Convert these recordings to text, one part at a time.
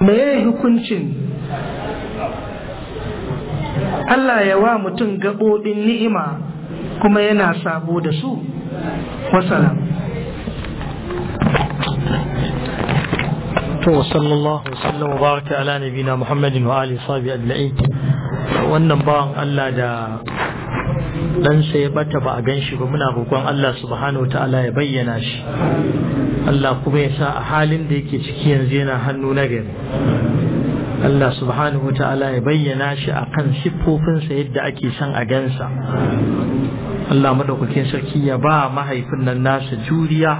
me hukuncin Allah ya wa mutum gaɓoɓin ni'ima kuma yana sabo da su wasala to sallallahu wasallam wa baraka ala nabina muhammadin wa alihi al ajma'in wannan bawan Allah da dan sai ya bata ba a gan shi ba muna roƙon Allah subhanahu ta'ala ya bayyana shi Allah kuma ya sa a halin da yake ciki yanzu yana hannu na gari Allah subhanahu ta'ala ya bayyana shi a kan siffofinsa yadda ake san a gansa Allah madaukakin sarki ya ba mahaifin nan nasa juriya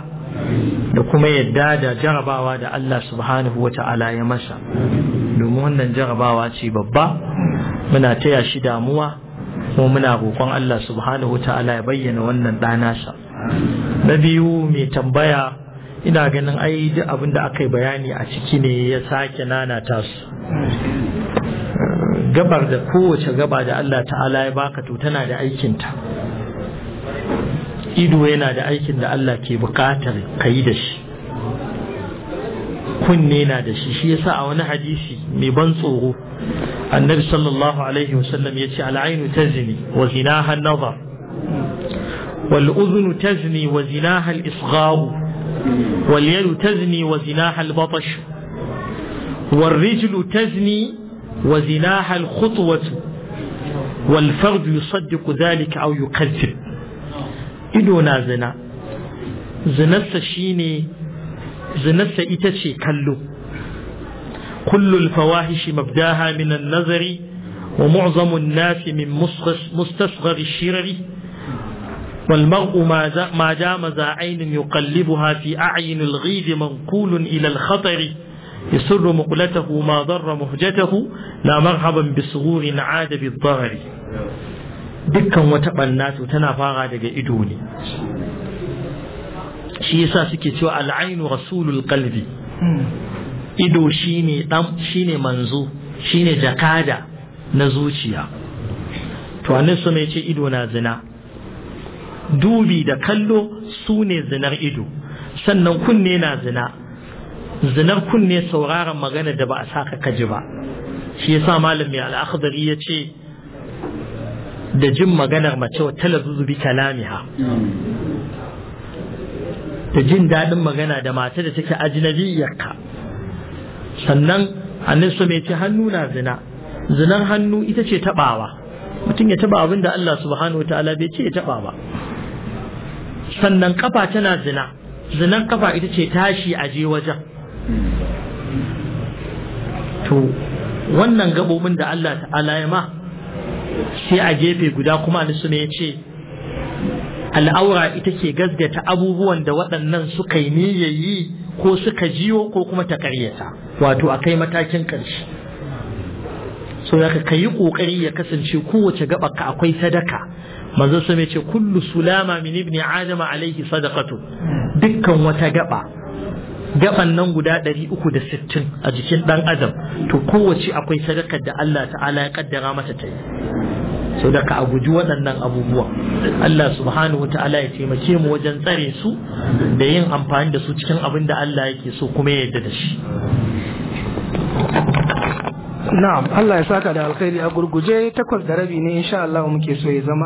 da kuma yadda da jarabawa da Allah subhanahu wa ta'ala ya masa domin wannan jarabawa ce babba muna taya shi damuwa Kuma muna roƙon Allah subhanahu ta'ala ya bayyana wannan ɗanasa na biyu mai tambaya ina ganin ai duk abin da aka yi bayani a ciki ne ya sake nanata su gabar da kowace gaba da Allah ta'ala ya baka to tana da aikinta ido yana da aikin da Allah ke buƙatar ka yi da shi kunne na da shi shi yasa a wani hadisi mai ban tsoro النبي صلى الله عليه وسلم يتي العين تزني وزناها النظر والأذن تزني وزناها الإصغاء واليد تزني وزناها البطش والرجل تزني وزناها الخطوة والفرد يصدق ذلك أو يكذب إدونا زنا زنس شيني زنس إتشي كالو كل الفواحش مبداها من النذر ومعظم الناس من مستصغر الشرر والمرء ما دام ذا عين يقلبها في أعين الغيظ منقول إلى الخطر يسر مقلته ما ضر مهجته لا مرحبا بصغور عاد بالضرر dukkan wata ɓanna to tana fara daga ido ne shi yasa suke cewa al'ainu rasulul qalbi ido shine dan shine manzo shine jakada na zuciya to annabi sama ce ido na zina dubi da kallo sune zinar ido sannan kunne na zina zinar kunne sauraron magana da ba a saka kaji ba shi yasa malam mai ya yace da jin maganar mace wa talazuzu bi kalamiha hmm. da jin daɗin magana da mata da take ajnabiyyarka sannan annabi so mai ce hannu na zina zinan hannu ita ce tabawa mutum ya taba abin da Allah subhanahu wataala bai ce ya taba ba sannan kafa tana zina zinan kafa ita ce tashi a je wajen to wannan gabobin da Allah ta'ala ya ma sai a gefe guda kuma annabi ne ya ce al'aura ita ke gazgata abubuwan da waɗannan suka yi yayi. ko suka jiwo ko kuma ta karyata wato a kai matakin ƙarshe so daga ka yi ƙoƙari ya kasance kowace gaba ka akwai sadaka manzo sai mai ce kullu sulama min ibni adama alaihi sadaqatu dukkan wata gaba gaban nan guda 360 a jikin dan adam to kowace akwai sadakar da Allah ta'ala ya kaddara mata ta yi so da ka a guji waɗannan abubuwa Allah subhanahu wa ta'ala ya taimake mu wajen tsare su da yin amfani da su cikin abin da Allah yake so kuma ya yarda da shi na'am Allah ya saka da alkhairi a gurguje takwas da rabi ne insha Allah muke so ya zama